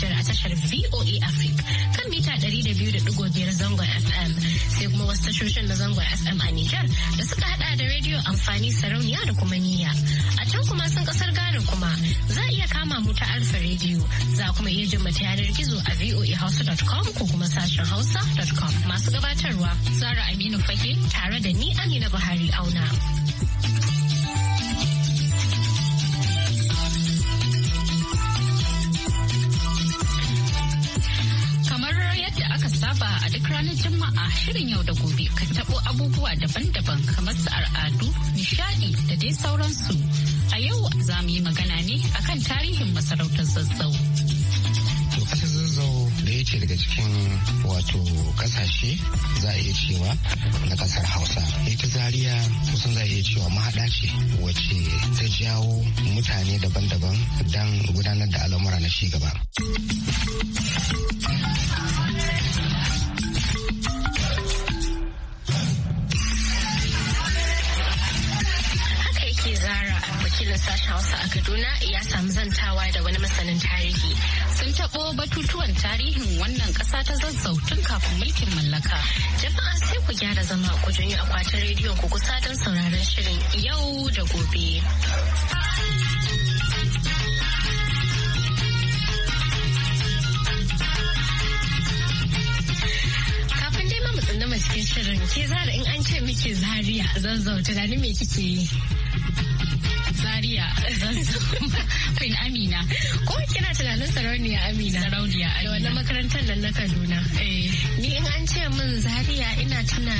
Nijar a tashar VOA Africa kan mita 200.5 zangon FM sai kuma wasu tashoshin na zangon FM a Nijar da suka hada da rediyo amfani sarauniya da kuma niyya. A can kuma sun kasar Ghana kuma za a iya kama mu ta Alfa rediyo za kuma iya jin ta yanar gizo a voahausa.com ko kuma sashen hausa.com masu gabatarwa Zara Aminu fahim tare da ni Amina Buhari Auna. ranar jama'a shirin yau da gobe ka tabo abubuwa daban-daban kamar su al'adu, nishadi da dai sauransu. A yau za mu yi magana ne akan tarihin masarautar zazzau. To zazzau da daga cikin wato kasashe za a iya cewa na ƙasar Hausa. Ita Zaria kusan za a iya cewa mahaɗa ce wacce ta jawo mutane daban-daban don gudanar da al'amura na ci gaba. na sashen Hausa a Kaduna ya samu zantawa da wani masanin tarihi. Sun taɓo batutuwan tarihin wannan ƙasa ta zazzau tun kafin mulkin mallaka. Jama'a sai ku gyara zama ku janyo akwatin rediyon ku kusa don sauraron shirin yau da gobe. kafin dai cikin shirin ke zara in an ce miki zaria zazzau tunani me kike yi Zaria Queen Amina. Ko kina tunanin sarauniya Amina? Sarauniya Amina. Da wannan makarantar nan na Kaduna. Eh. Ni in an ce min Zaria ina tuna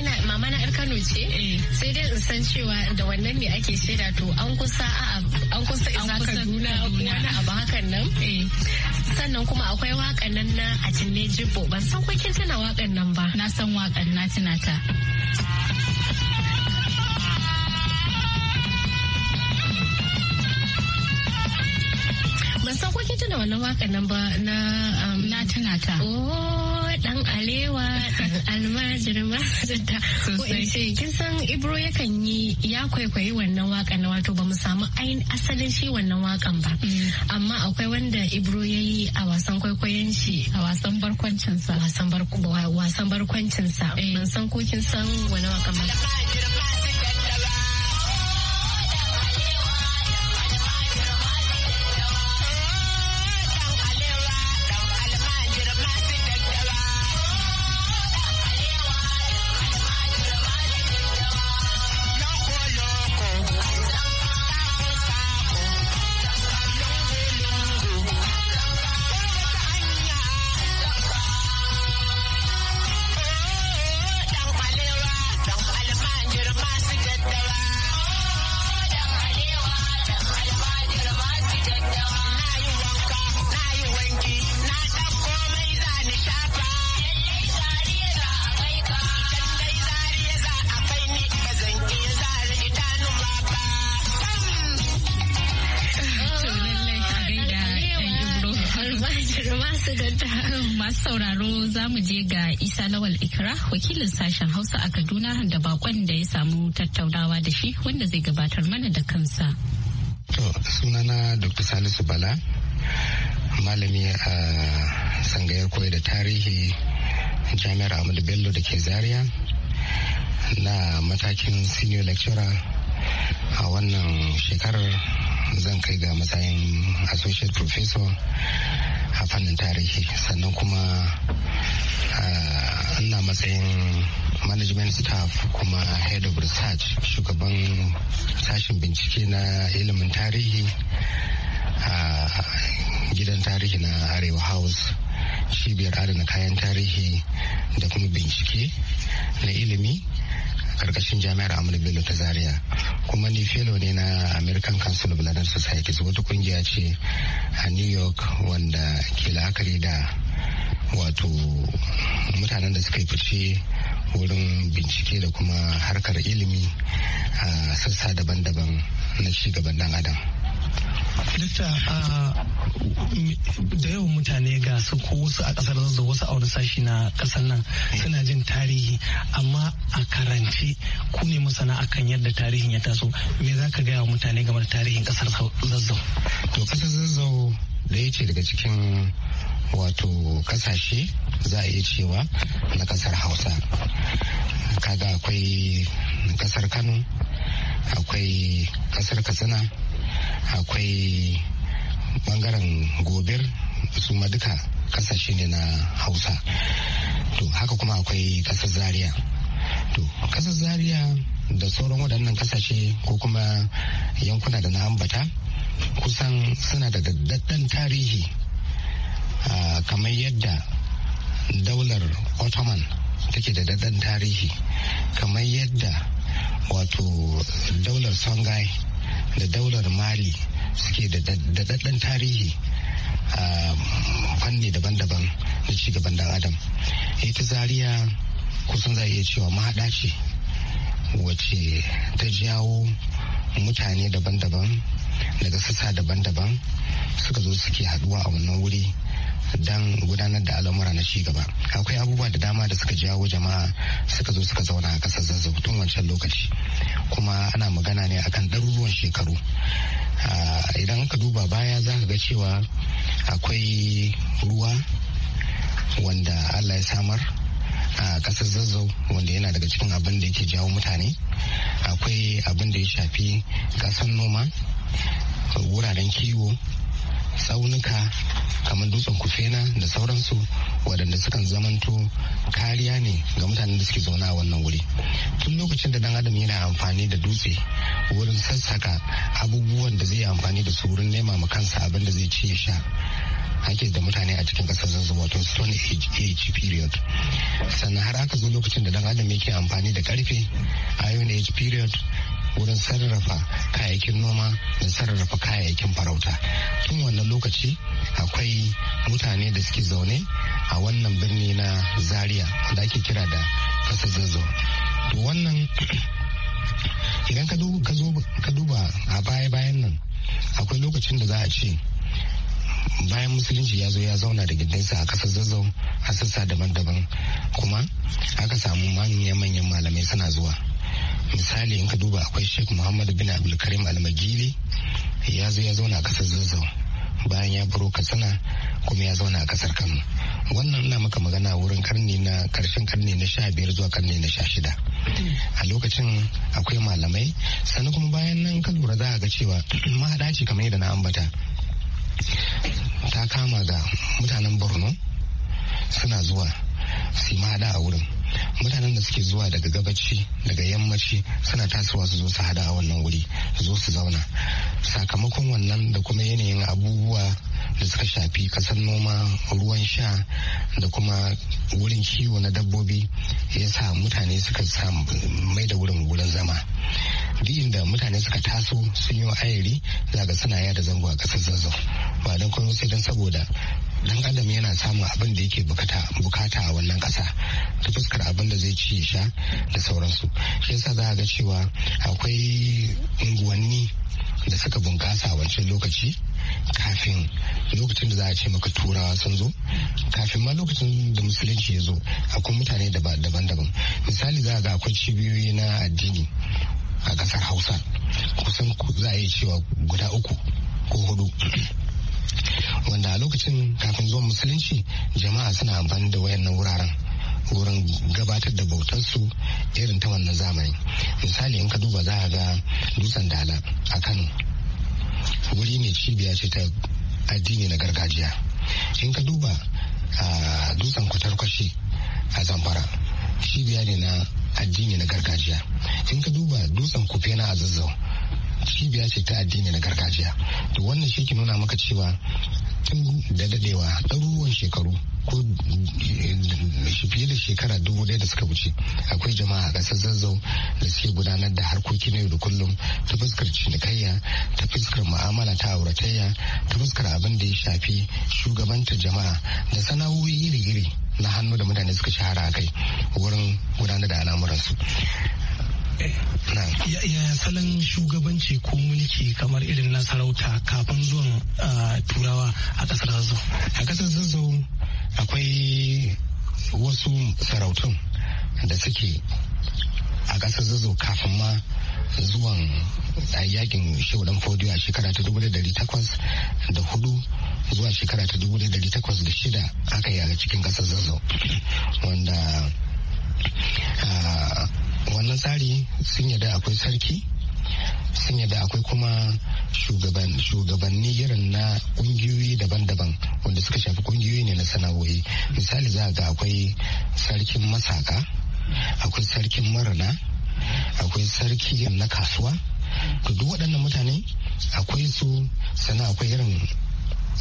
ina mama na yar Kano ce. Eh. Sai dai in san cewa da wannan ne ake shaida to an kusa a an kusa isa Kaduna wani abu hakan nan. Eh. Sannan kuma akwai wakan nan na a cinne jibo ban san ko kin tuna wakan nan ba. Na san wakan na tunata. ta. Ban san ko tuna wannan waka nan ba na um, na tana ta. Oh dan alewa dan almajirma zata. sosai. in kin san Ibro yakan yi ya kwaikwayi wannan waka na wato ba mu samu ainihin asalin shi wannan wakan ba. Mm. Amma akwai wanda Ibro ya yi a wasan kwaikwayon shi a wasan barkwancinsa. Wasan barkwancinsa. Eh. Ban san ko kin san wani wakan ba. za mu je ga Isa Lawal Ikra wakilin sashen Hausa a Kaduna da bakon da ya samu tattaunawa da shi wanda zai gabatar mana da kansa. To sunana Dr. Salisu Bala malami a sangayar koyar da tarihi jami'ar Ahmadu Bello da ke Zaria na matakin senior lecturer a wannan shekarar zan kai ga matsayin associate professor a fannin tarihi sannan kuma eh, ina matsayin management staff kuma head of research shugaban sashen bincike na ilimin tarihi a gidan tarihi na arewa house cibiyar adana kayan tarihi da kuma bincike na ilimi karkashin jami'ar amadu bello ta zaria kuma ni fellow ne na american council of learned societies wata kungiya ce a new york wanda ke la'akari da wato mutanen da suka yi fice wurin bincike da kuma harkar ilimi a sassa daban-daban na cigaban dan adam da yawan mutane ga su ko wasu a kasar zazzau wasu a wani sashi na kasar nan suna jin tarihi amma a karance ku ne masana akan yadda tarihin ya taso me za ka gaya wa mutane game da tarihin kasar zazzau. To kasar zazzau da ya ce daga cikin wato kasashe za a iya cewa na kasar hausa kaga akwai kasar kano akwai kasar katsina akwai bangaren gobir su ma duka kasashe ne na hausa to haka kuma akwai kasar zaria to kasar zaria da sauran waɗannan kasashe ko kuma yankuna da na ambata kusan suna da daddaddan tarihi kamar yadda daular ottoman take da daddaɗɗen tarihi kamar yadda wato daular songhai da daular mali suke da daɗaɗɗen tarihi a fanni daban-daban na cigaban dan adam ita zaria kusan za iya cewa mahaɗa ce wacce ta jawo mutane daban-daban daga sassa daban-daban suka zo suke haɗuwa a wannan wuri Dan gudanar da al'amura na ci gaba akwai abubuwa da dama da suka jawo jama'a suka zo suka zauna a ƙasar zazzau tun wancan lokaci kuma ana magana ne akan ɗaruruwan shekaru idan ka duba baya za ka ga cewa akwai ruwa wanda allah ya samar a kasar zazzau wanda yana daga cikin abin da yake jawo mutane akwai abin da ya shafi kasar noma wuraren kiwo tsaunuka kamar dutsen kufena da sauransu waɗanda sukan zamanto kariya ne ga mutanen da suke zaune a wannan wuri tun lokacin da dan adam yana amfani da dutse wurin sassaka abubuwan da zai amfani da su wurin nema ma kansa abin da zai ci ya sha ake da mutane a cikin ƙasar zanzu wato stone age, period sannan har aka zo lokacin da dan adam yake amfani da karfe iron age period wurin sarrafa kayayyakin noma da sarrafa kayayyakin farauta tun wannan lokaci akwai mutane da suke zaune a wannan birni na zaria wanda ake kira da kasa zazzau to wannan idan ka duba a baya-bayan nan akwai lokacin da za a ce bayan musulunci ya zo ya zauna da gidansa a kasar zazzau a sassa daban-daban kuma aka samu manyan manyan malamai suna zuwa misali in ka duba akwai sheikh muhammadu bin abdulkarim almagili ya zo ya zauna a kasar zazzau bayan ya baro katsina kuma ya zauna a kasar kano wannan na maka magana wurin karni na karshen karni na sha biyar zuwa karni na sha shida a lokacin akwai malamai sannan kuma bayan nan ka lura za a ga cewa mahaɗa ce kamar yadda na ambata ta kama ga mutanen borno suna zuwa su mahaɗa a wurin mutanen da suke zuwa daga gabaci daga yammaci suna tasowa su zo su hada a wannan wuri su zo su zauna sakamakon wannan da kuma yanayin abubuwa da suka shafi kasar noma ruwan sha da kuma wurin kiwo na dabbobi ya sa mutane suka mai da wurin wurin zama duk inda mutane suka taso sun yi ayari za ga suna yada zango a kasar zazzau ba don kuma sai don saboda dan adam yana samun abin da yake bukata a wannan kasa ta fuskar abin da zai ci sha da sauransu shi yasa za a ga cewa akwai unguwanni da suka bunkasa wancan lokaci kafin lokacin da za a ce maka turawa sun zo kafin ma lokacin da musulunci ya zo akwai mutane daban-daban misali za a ga akwai cibiyoyi na addini a kasar hausa kusan za a yi cewa guda uku ko hudu wanda a lokacin kafin zuwan musulunci jama'a suna amfani da wayannan wuraren wurin gabatar da bautarsu irin ta wannan zamani misali in ka duba za a ga dutsen dala a kano wuri ne cibiya ce ta addini na gargajiya in ka duba a ah, dutsen kwatarkwashi a zamfara cibiya ne na addini na gargajiya in ka duba dutsen kufe na zazzau cibiya ce ta addini na gargajiya to wannan shi ke nuna maka cewa tun da dadewa ɗaruruwan shekaru ko eh, fiye da shekara dubu daya da suka wuce akwai jama'a a ƙasar zazzau da suke gudanar da harkokin yau da kullum ta fuskar cinikayya ta fuskar mu'amala ta auratayya ta fuskar abin da ya shafi shugabanta jama'a da sana'o'i iri-iri na hannu da mutane suka shahara a kai wurin gudanar da al'amuransu yaya salon shugabanci ko mulki kamar irin na sarauta kafin zuwan turawa a kasar zazzau a kasar zazzau akwai wasu sarautun da suke a ƙasar zazzau kafin ma zuwan yakin shaudan fodiyo a shekara ta dubu da takwas da hudu zuwa shekara ta dubu da takwas da shida aka yi a cikin kasar zazzau wanda wannan tsari sun yada akwai sarki sun yada akwai kuma shugabanni irin na kungiyoyi daban-daban wanda suka shafi kungiyoyi ne na sana'o'i misali za a ga akwai sarkin masaka akwai sarkin marana akwai sarki na kasuwa to duk waɗannan mutane akwai su sannan akwai irin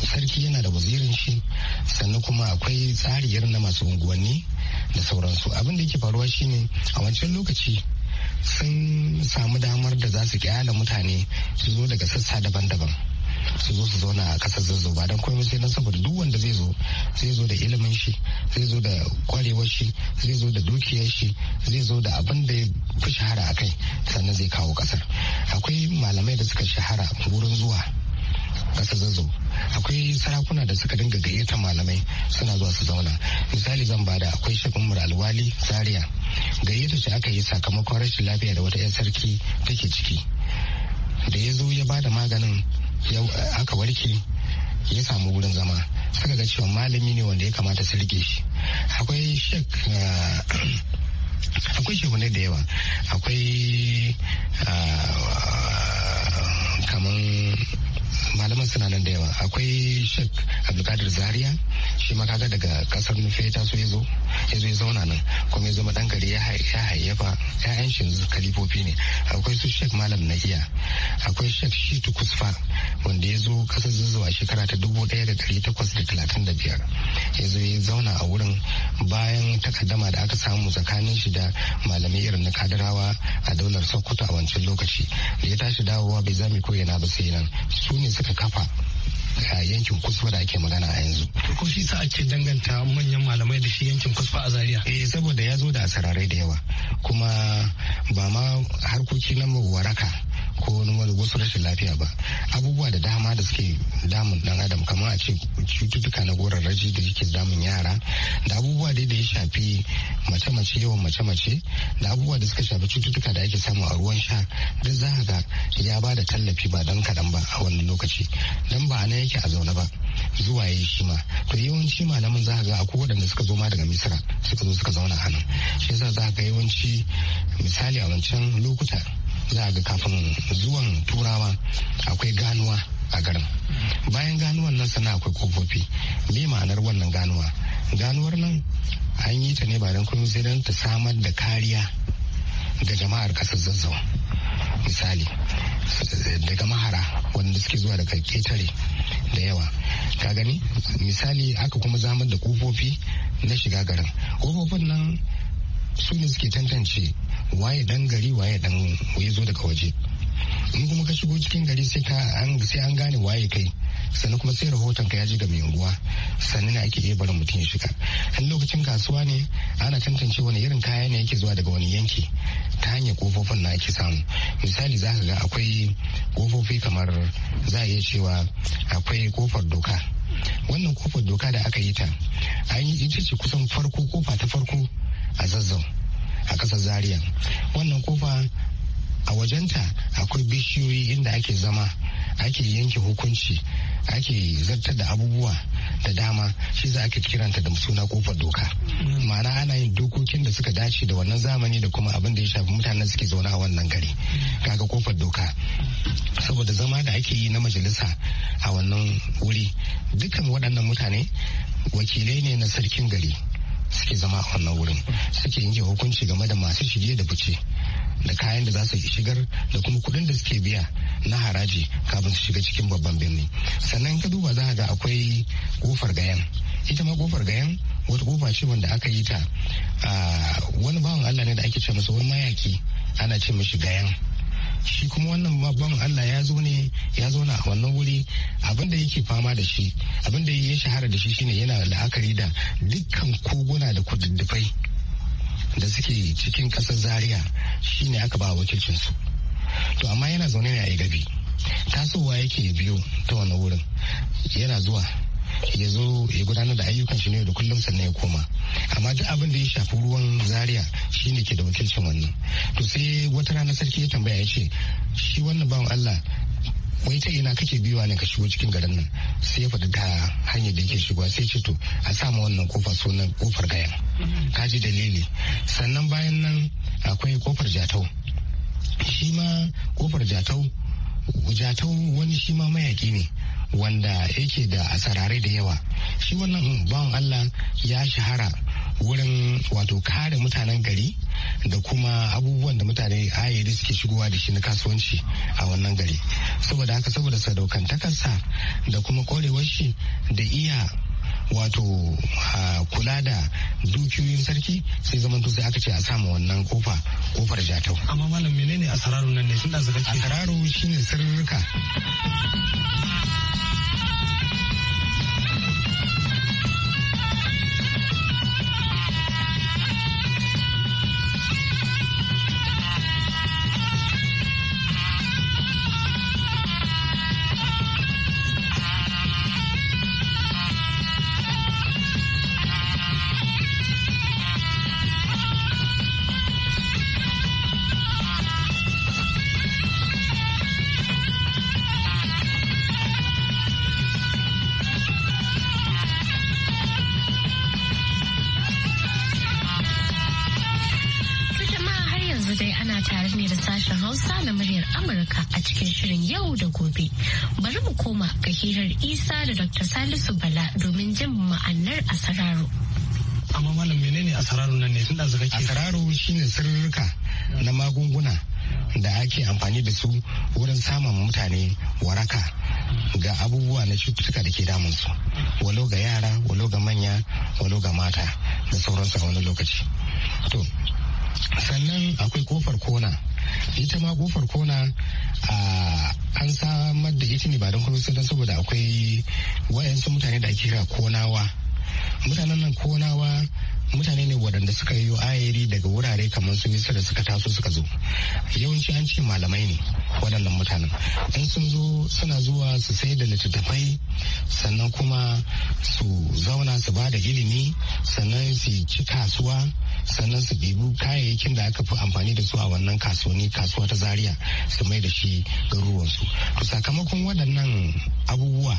sarki yana da wazirin shi sannan kuma akwai tsariyar na masu unguwanni da sauransu abin da yake faruwa shine a wancan lokaci sun samu damar da za su kyala mutane su zo daga sassa daban-daban su zo su zauna a ƙasar zazzau ba don komai sai na saboda duk wanda zai zo zai zo da ilimin shi zai zo da kwarewar shi zai zo da dukiyar shi zai zo da abin da ya fi shahara a kai sannan zai kawo kasar akwai malamai da suka shahara wurin zuwa ƙasar zazzau akwai sarakuna da suka dinga gayyata malamai suna zuwa su zauna misali zan bada akwai shakun alwali zaria gayyata shi aka yi sakamakon rashin lafiya da wata 'yan sarki take ciki da ya zo ya bada maganin aka warke ya samu wurin zama suka ga cewa malami ne wanda ya kamata su rike shi akwai shek ah, akwai shekunai da yawa akwai ah, kaman malaman suna nan da yawa akwai shek abdulkadir zaria shi ma kaga daga kasar nufe ta so yazo ya ya zauna nan kuma ya zama dan gari ya hayyafa 'ya'yan shi yanzu kalifofi ne akwai su shek malam na iya akwai shek shitu kusfa wanda ya zo kasar zuzuwa shekara ta dubu ɗaya da ɗari takwas da talatin da biyar ya zo ya zauna a wurin bayan takaddama da aka samu tsakanin shi da malamai irin na kadarawa a daular sokoto a wancan lokaci da ya tashi dawowa bai zami ko yana ba sai nan su ne suka aka kafa a yankin kusfa da ake magana a yanzu. Ko shi sa ake danganta manyan malamai da shi yankin kusfa a Zaria? Eh saboda ya zo da asararai da yawa kuma ba ma harkoki na waraka ko wani wasu rashin lafiya ba abubuwa da dama da suke damun dan adam kamar a ce cututtuka na goron raji da yake damun yara da abubuwa da ya shafi mace-mace yawan mace-mace da abubuwa da suka shafi cututtuka da ake samu a ruwan sha duk za ga ya ba da tallafi ba dan kaɗan ba a wannan lokaci dan ba nan yake a zaune ba zuwa ya yi shi ma to yawanci malaman za ga akwai waɗanda suka zo ma daga misira suka zo suka zauna a nan shi yasa za ga yawanci misali a wancan lokuta za a ga kafin zuwan turawa akwai ganuwa a garin bayan ganuwan nan sana akwai kofofi me ma'anar wannan ganuwa ganuwar nan an yi ta ne ba don kun sai don ta samar da kariya ga jama'ar kasar zazzau misali daga mahara wanda suke zuwa daga ketare da yawa ka gani misali aka kuma zamar da kofofi na shiga garin kofofin nan su ne suke tantance waye dan gari waye dan ya zo daga waje in kuma ka shigo cikin gari sai ka an gane waye kai sannan kuma sai rahoton ka ya ji ga mai unguwa sannan ne ake ebarin mutum ya shiga in lokacin kasuwa ne ana tantance wani irin kaya ne yake zuwa daga wani yanki ta hanyar kofofin na ake samu misali za ka ga akwai kofofi kamar za a iya cewa akwai kofar doka wannan kofar doka da aka yi ta an yi ita ce kusan farko kofa ta farko a zazzau a ƙasar Zariya wannan kofa a wajenta akwai bishiyoyi inda ake zama ake yanke hukunci ake zartar da abubuwa da dama shi za ake kiranta da suna kofar doka ma'ana ana yin dokokin da suka dace da wannan zamani da kuma abin da ya shafi mutane suke zaune a wannan gari kaga kofar doka saboda zama da ake yi na majalisa a wannan wuri dukkan waɗannan mutane wakilai ne na sarkin gari suke zama a wannan wurin suke yanke hukunci game da masu shirye da fice da kayan da za su shigar da kuma kuɗin da suke biya na haraji kafin su shiga cikin babban birni sannan ka duba za a ga akwai kofar gayan ita ma kofar gayan wata kofa ce wanda aka yi ta ah, wani bawan allah ne da ake ce masa wani mayaki ana ce mashi gayan shi kuma wannan babban Allah ya zo ne ya zauna a wannan wuri abin yake fama da shi abin da ya shahara da shi shine yana la'akari da dukkan koguna da kududdufai da suke cikin ƙasar zaria shine aka ba wakilcinsu to amma yana zaune ne a gabi tasowa yake biyo ta wani wurin yana zuwa ya zo ya gudanar da ayyukan shi ne da kullum sannan ya koma amma duk abin da ya shafi ruwan zaria shi ne ke da wakilcin wannan to sai wata rana sarki ya tambaya ya ce shi wannan bawan allah wai ta ina kake biyuwa ne ka shigo cikin garin nan sai ya faɗi ta hanyar da yake shigowa sai ce to a sa wannan kofar sunan kofar gayan kaji dalili sannan bayan nan akwai kofar jatau shi ma kofar jatau jatau wani shi ma mayaki ne wanda yake da asarare da yawa shi wannan bawan allah ya shahara wurin wato kare mutanen gari da kuma abubuwan da mutane ayyari suke shigowa da shi na kasuwanci a wannan gari saboda haka saboda sadaukantakarsa da kuma korewar shi da iya wato kula da dukiyoyin sarki sai zaman to sai aka ce a sama wannan kofa kofar jatau amma malam menene asararu nan ne tun da zaka asararu shine sirrika tare ne da sashen Hausa na muryar Amurka a cikin shirin yau da gobe. Bari mu koma ga hirar Isa da Dr. Salisu Bala domin jin ma'anar asararo. Amma malam menene asararo nan ne tun ɗazu kake? Asararo shine sirrika na magunguna da ake amfani da su wurin samun mutane waraka ga abubuwa na cututtuka da ke su walo ga yara walo ga manya walo ga mata da sauransu a wani lokaci to sannan akwai kofar kona ita ma kofar kona an samar da ita ne ba don kuma don saboda akwai wayansu mutane da ake kira konawa mutanen nan konawa mutane ne waɗanda suka yi ayiri daga wurare kamar su nisa da suka taso suka zo yawanci an ce malamai ne waɗannan mutanen in sun zo suna zo su sai da littattafai sannan kuma su zauna su ba da ilimi sannan su ci kasuwa sannan su bibu kayayyakin da aka fi amfani da su a wannan kasuwanni kasuwa ta zaria su mai da shi garuruwansu to sakamakon waɗannan abubuwa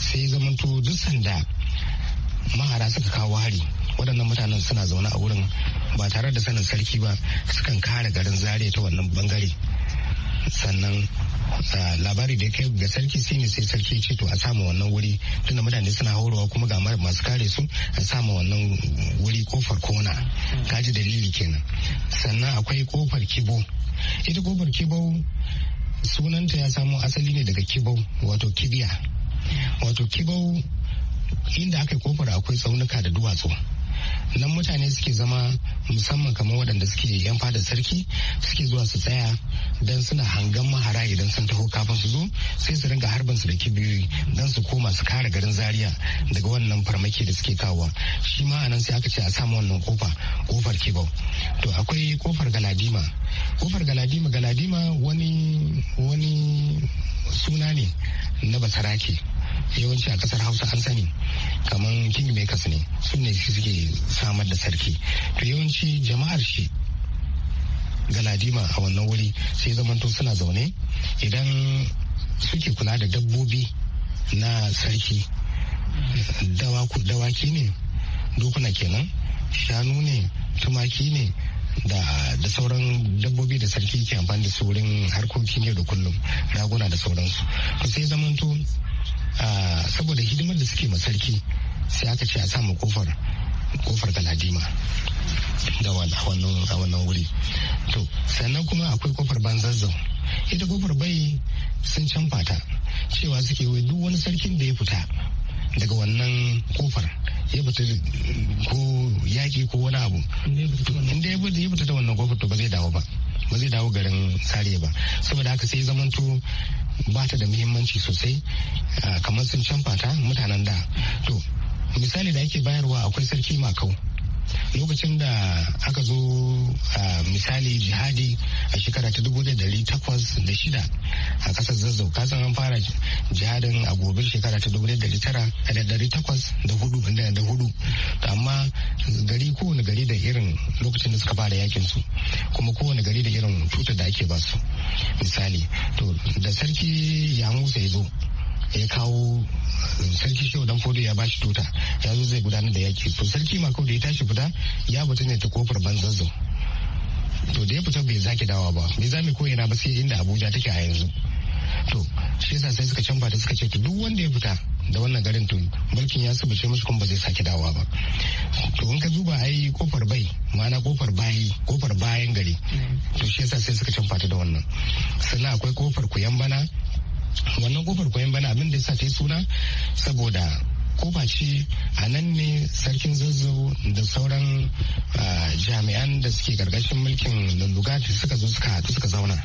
sai zamanto duk sanda mahara suka kawo hari waɗannan mutanen suna zaune a wurin ba tare da sanin sarki ba sukan kare garin zaria ta wannan bangare sannan ah, labari da ya ga sarki shine sai sarki ce to a sama wannan wuri tunda mutane suna horowa kuma ga masu kare su a sama wannan wuri kofar kona kaji dalili kenan sannan akwai kofar kibo ita kofar kibo sunanta ya samo asali ne daga kibo wato kibiya wato kibo inda aka yi kofar akwai tsaunuka da duwatsu nan mutane suke zama musamman kamar waɗanda suke yan fadar sarki suke zuwa su tsaya dan suna hangan mahara idan sun taho kafin su zo sai su ringa harban su da kibiyoyi dan su koma su kare garin zaria daga wannan farmaki da suke kawowa shi ma anan sai aka ce a samu wannan kofa kofar kibo. to akwai kofar galadima kofar galadima galadima wani wani suna ne na basarake yawanci a kasar hausa an sani kamar kingmakers ne su ne suke samar da sarki to yawanci jama'ar shi galadima a wannan wuri sai zamanto suna zaune idan suke kula da dabbobi na sarki dawaki ne dokuna kenan shanu ne tumaki ne da sauran dabbobi da sarki ke amfani da su wurin harkokin yau da kullum raguna da sauransu to sai zamanto saboda hidimar da suke ma sarki sai aka ce a samu kofar kofar galadima da wannan wuri to sannan kuma akwai kofar banzazzau ita kofar bai sun can fata cewa suke wai duk wani sarkin da ya fita daga wannan kofar ya fita ko yaki ko wani abu inda ya fita da wannan kofar to ba zai dawo ba ba zai dawo garin sare ba saboda haka sai zamanto ba ta da muhimmanci sosai ah, kamar sun can fata mutanen da to misali da ake bayarwa akwai sarki makau lokacin da aka zo misali jihadi a shekara ta dubu da dari takwas da shida a kasar zazzau kasan an fara jihadin a gobe shekara ta dubu da dari tara eh, da dari takwas da hudu da hudu amma gari kowane gari da irin lokacin da suka fara yakin su kuma kowane gari da irin cutar da ake ba su. misali to da sarki ya musa ya zo ya kawo eh, sarki shi dan fodo ya bashi tuta ya zo zai gudanar da yaki to sarki makau da ya tashi fita ya fita ne ta kofar banzazzo to da ya fita bai zaki dawa ba bai zami ko na ba sai inda abuja take a yanzu to shi yasa sai suka canfa da suka ce to duk wanda ya fita da wannan garin to mulkin ya subuce musu kuma ba zai sake dawa ba to in ka duba ai kofar bai ma'ana kofar bayi kofar bayan gari mm. to shi yasa sai suka canfa da wannan sannan akwai kofar kuyan bana wannan kofar koyon bana abin da ya sa suna saboda kofa ce a nan ne sarkin zazzau da sauran jami'an da suke gargashin mulkin lullugaci suka zo suka suka zauna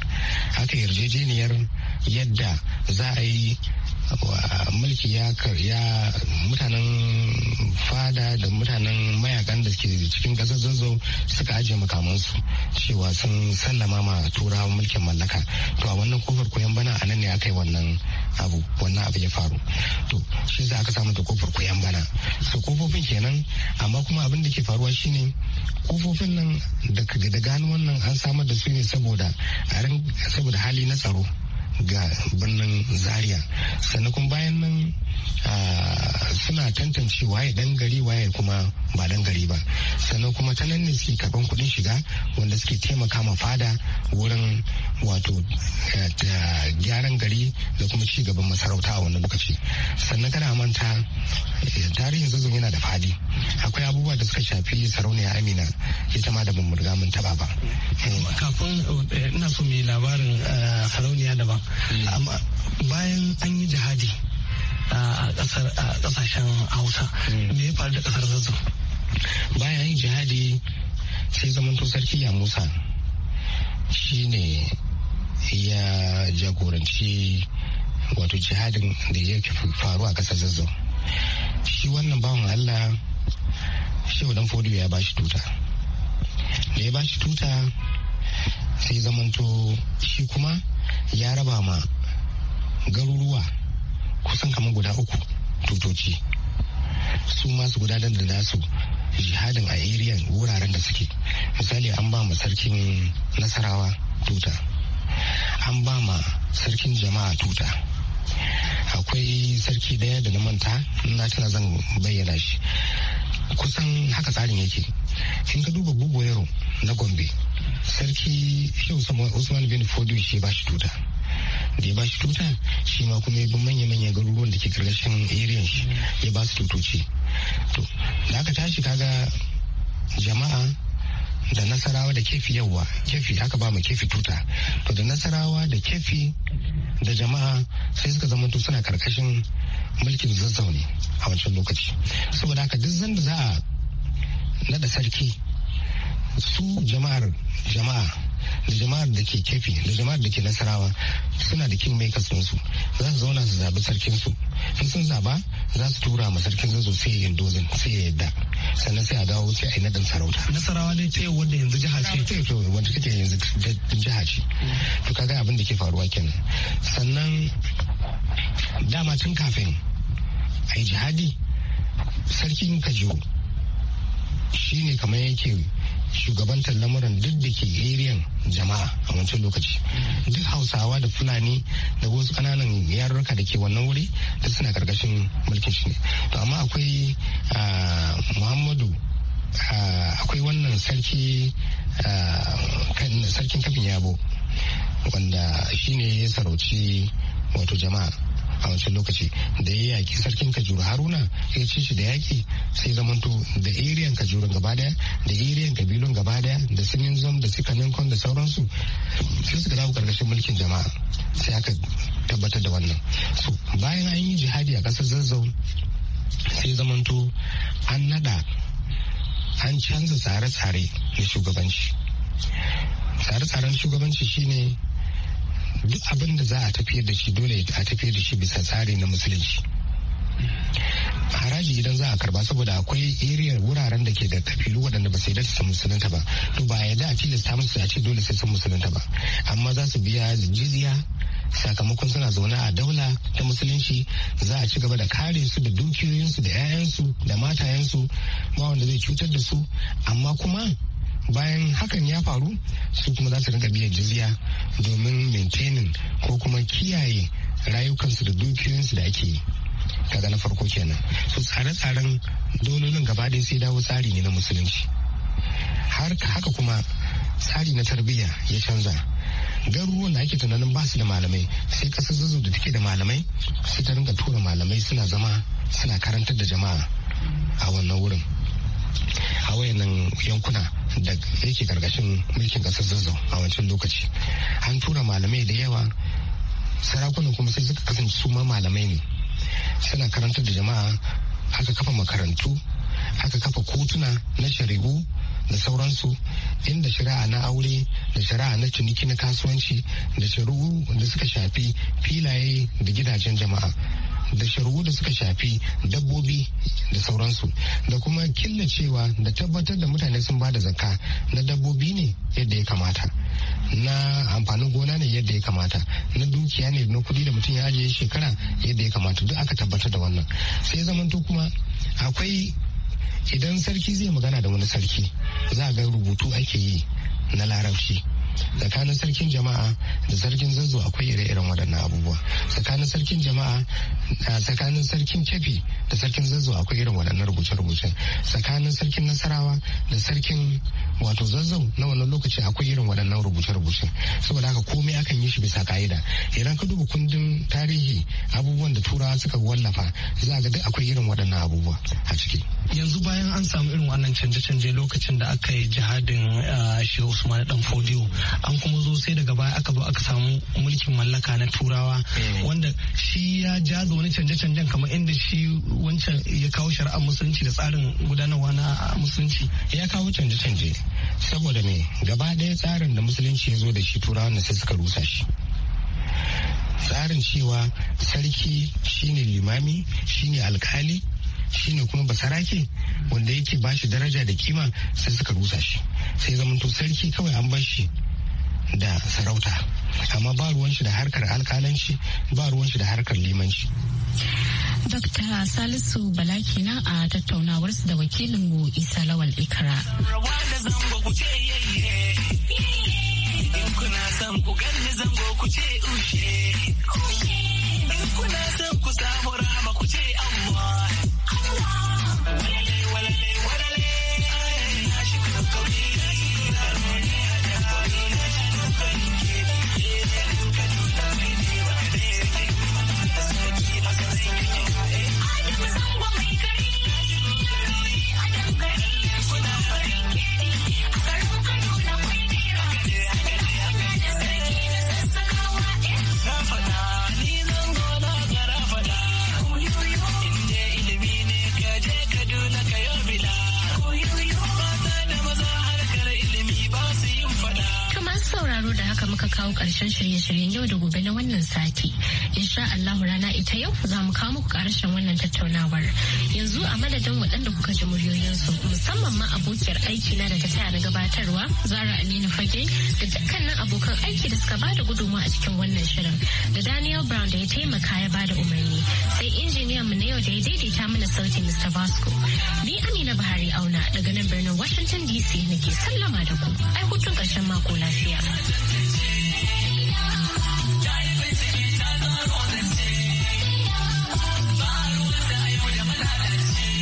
haka yarjejeniyar yadda za a yi mulki ya karya mutanen fada da mutanen mayakan da ke cikin kasar zazzau suka ajiye makamansu cewa sun sallama ma turawa mulkin mallaka to a wannan kofar koyan bana a nan ne aka yi wannan abu wannan abu ya faru to shi za aka samu da kofar koyan bana so kofofin kenan amma kuma abin da ke faruwa shine kofofin nan da gano wannan an samar da su ne saboda hali na tsaro ga birnin zaria sannan kuma bayan nan suna tantance waye dan gari waye kuma ba dan gari ba sannan kuma ta nan ne suke karban kuɗin shiga wanda suke taimaka ma fada wurin wato eh, gyaran gari da kuma ci gaban masarauta a wannan lokaci sannan kana manta eh, tarihin zazzon yana da fadi akwai abubuwa da suka shafi sarauniya amina ita ma da bamu riga mun taba ba kafin eh, ina so mai labarin sarauniya daban bayan an yi jihadi a kasashen hausa hmm. me ya faru da kasar zazzau bayan an yi jihadi sai zamanto sarki ya musa shi ne ya jagoranci wato jihadin da ya faru a kasar zazzau shi wannan bawan allah shi wadan fodiyo ya bashi tuta da ya bashi tuta sai zamanto shi kuma ya raba ma garuruwa kusan kamar guda uku tutoci su masu gudanar da nasu jihadin a iriyan wuraren da suke misali an ba ma sarkin nasarawa tuta an ba ma sarkin jama'a tuta akwai sarki daya da na manta na tana zan bayyana shi kusan haka tsarin yake in ka duba gugu na gombe sarki yau usman bin Fodu shi ba shi tuta da ya ba shi tuta shi ma kuma ya bi manya-manya garuruwan da ke karkashin irin shi ya ba su tutoci to da aka tashi kaga jama'a da nasarawa da kefi yawa kefi aka ba mu kefi tuta to da nasarawa da kefi da jama'a sai suka zama to suna karkashin mulkin zazzaune a wancan lokaci saboda haka duk zanda za a nada sarki su jama'ar jama'a da jama'ar da ke kefi da jama'ar da ke nasarawa suna da kin makers su za su zauna su zabi sarkin su in sun zaba za su tura ma sarkin zazo sai ya dozin sai ya yadda sannan sai a dawo sai a yi naɗin sarauta nasarawa ne ta wanda yanzu jiha ce ta yau wanda kake yanzu jiha ce to kaga abin da ke faruwa kenan sannan dama tun kafin a yi jihadi sarkin kajiyo shi ne kamar yake shugabantar lamuran duk da ke eriyan jama'a a wancan lokaci duk hausawa da fulani da wasu kananan yarurruka da ke wannan wuri da suna karkashin mulkin shi ne to amma akwai muhammadu akwai wannan sarki sarkin kafin yabo wanda shine ya sarauci wato jama'a a wancan lokaci da ya yaki sarkin kajura haruna ya ci shi da yaki sai zamanto da iriyan kajurun gaba daya da eriyan kabilun gaba daya da sinin zom da sikanin ninkon da sauransu sai suka dawo karkashin mulkin jama'a sai aka tabbatar da wannan so bayan an yi jihadi a kasar zazzau sai zamanto an nada an canza tsare-tsare na shugabanci tsare-tsaren shugabanci shine duk abin da za a tafiyar da shi dole a tafiyar da shi bisa tsari na musulunci haraji idan za a karba saboda akwai iriyar wuraren da ke da kafilu waɗanda ba su yarda su musulunta ba to ba yarda a tilasta musu a ce dole sai sun musulunta ba amma za su biya jizya sakamakon suna zaune a daula ta musulunci za a ci gaba da kare su da dukiyoyinsu da 'ya'yansu da matayensu ma wanda zai cutar da su amma kuma bayan hakan ya faru su kuma za su rinka biyan jizya domin maintaining ko kuma kiyaye rayukansu da dukiyoyinsu da ake yi kaga na farko kenan su tsare-tsaren dololin gaba ɗaya sai dawo tsari ne na musulunci Har haka kuma tsari na tarbiyya ya canza garuruwan da ake tunanin ba su da malamai sai kasar zazzau da take da malamai sai ta rinka tura malamai suna zama suna karantar da jama'a a wannan wurin a wayannan yankuna da yake karkashin mulkin kasar zazzau a wancan lokaci an tura malamai da yawa sarakunan kuma sai suka kasance su ma malamai ne suna karantar da jama'a aka kafa makarantu aka kafa kotuna na shari'u da sauransu inda shari'a na aure da shari'a na ciniki na kasuwanci da shari'u da suka shafi filaye da gidajen jama'a da sharu da suka shafi dabbobi da sauransu da kuma killacewa da tabbatar da mutane sun ba da zakka na dabbobi ne yadda ya kamata na amfanin gona ne yadda ya kamata na dukiya ne na kuɗi da mutum ya ajiye shekara yadda ya kamata duk aka tabbatar da wannan sai zamanto kuma akwai idan sarki zai magana da wani sarki za a ga rubutu ake yi na larabci tsakanin sarkin jama'a da sarkin zazzau akwai ire-iren waɗannan abubuwa tsakanin sarkin jama'a tsakanin sarkin kefi da sarkin zazzau akwai irin waɗannan rubuce-rubuce tsakanin sarkin nasarawa da sarkin wato zazzau na wannan lokaci akwai irin waɗannan rubuce-rubuce saboda haka komai akan yi shi bisa ka'ida idan ka duba kundin tarihi abubuwan da turawa suka wallafa za ga duk akwai irin waɗannan abubuwa a ciki yanzu bayan an samu irin wannan canje-canje lokacin da aka yi jihadin shehu usman dan fodiyo an kuma zo sai daga baya aka zo aka samu mulkin mallaka na turawa eh. wanda shi ya jaza wani canje-canjen kamar inda shi wancan ya kawo shari'ar musulunci da tsarin gudanarwa na musulunci ya kawo canje-canje saboda me gaba ɗaya tsarin da musulunci ya zo da shi turawa na sai suka rusa shi tsarin cewa sarki shine limami shine alkali shine kuma basarake wanda yake bashi daraja da kima sai suka rusa shi sai zamanto sarki kawai an bar shi da sarauta amma ba ruwan shi da harkar alkalanci ba ruwan shi da harkar limanci Dokta Salisu Bala kenan a tattaunawarsu da wakilin mu Isa Lawal Ikra. kuna son ku zango samu rama ku ce Allah. ta yau za mu kawo muku karshen wannan tattaunawar yanzu a madadin waɗanda kuka ji muryoyinsu musamman ma abokiyar aiki na daga taya na gabatarwa zara aminu fage da dukkanin abokan aiki da suka bada gudunmawa a cikin wannan shirin da daniel brown da ya taimaka ya bada umarni sai injiniyan mu na yau da ya daidaita mana sauti mr basco ni amina bahari auna daga nan birnin washington dc nake sallama da ku ai hutun ƙarshen mako lafiya. Thank you.